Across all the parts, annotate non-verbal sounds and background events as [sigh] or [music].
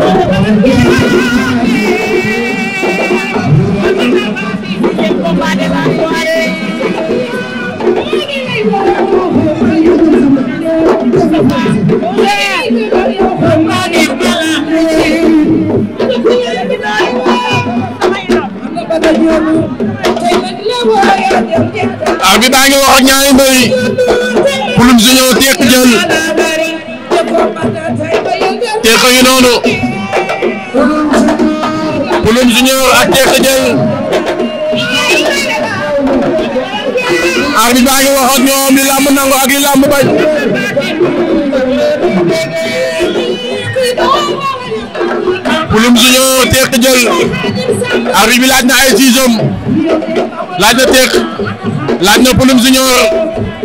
arbitre baa ngi wax ak ñaari mbër yi Pulum Junior tekk jël Tekk ngi noonu Pulum Junior ak Tekk Jëng arbitre baa ngi wax ak ñoom li làmb nangu ak li làmb bañ Pulum Junior Tekk Jëng arbitre bi laaj na ay siisam laaj na Tekk laaj na Pulum Junior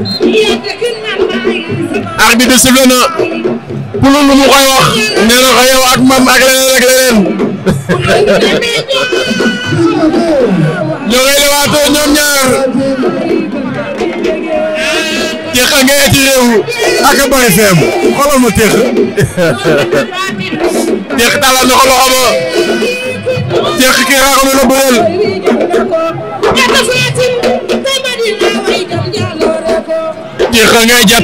arbitre bi sifflé na ak mam ak leneen ak leneen ñoo ngay lewaatoo ñoom ñaar teex a ngay ci réew ak a bari la bëreel teex a ngay jat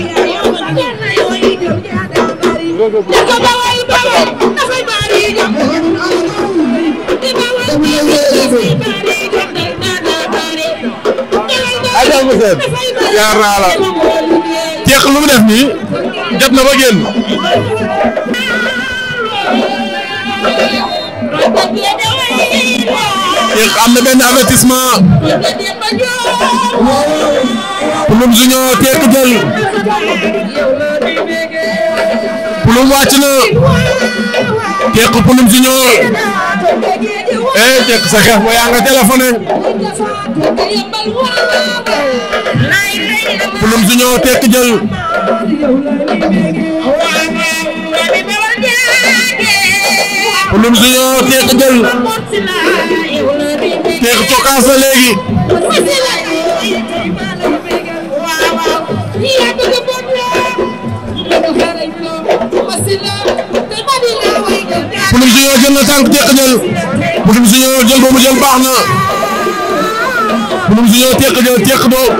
yaar naa la teex lu mu def nii jat na ba génn teex am na benn avertissement Pulum Junior tekk jël Pulum wàcc na tekk Pulum Junior eh tekk sa xeex ba yaa nga téléphoné Pulum Junior tekk jël Pulum Junior tekk jël tekk cokkaas na léegi Poulique Junior jël na tànk teq-jël Poulique Junior jël boobu jël baax na Poulique Junior teq-jël teq doo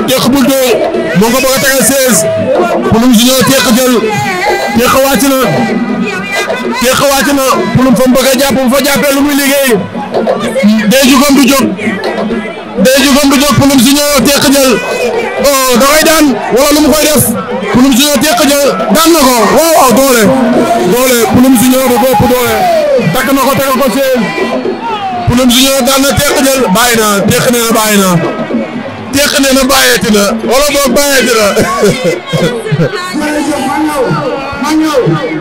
teq bul doo moo ko bëgg a tegal 16 Poulique Junior teq-jël teq wàcc na teq wàcc na Poulique fa mu bëgg a jàpp fa jàppee lu muy liggéey day jugom du jóg day jugom du jóg Poulique Junior teq-jël oh da koy daan wala lu mu koy def. Pulum Junior teq ja daan na ko waaw waaw doole doole Pulum Junior bu bopp doole takk na ko tegal ko seen Pulum Junior daan na teq ja bàyyi na teq nee na bàyyi na teq nee na bàyyeeti na wala boog bàyyeeti na. [laughs]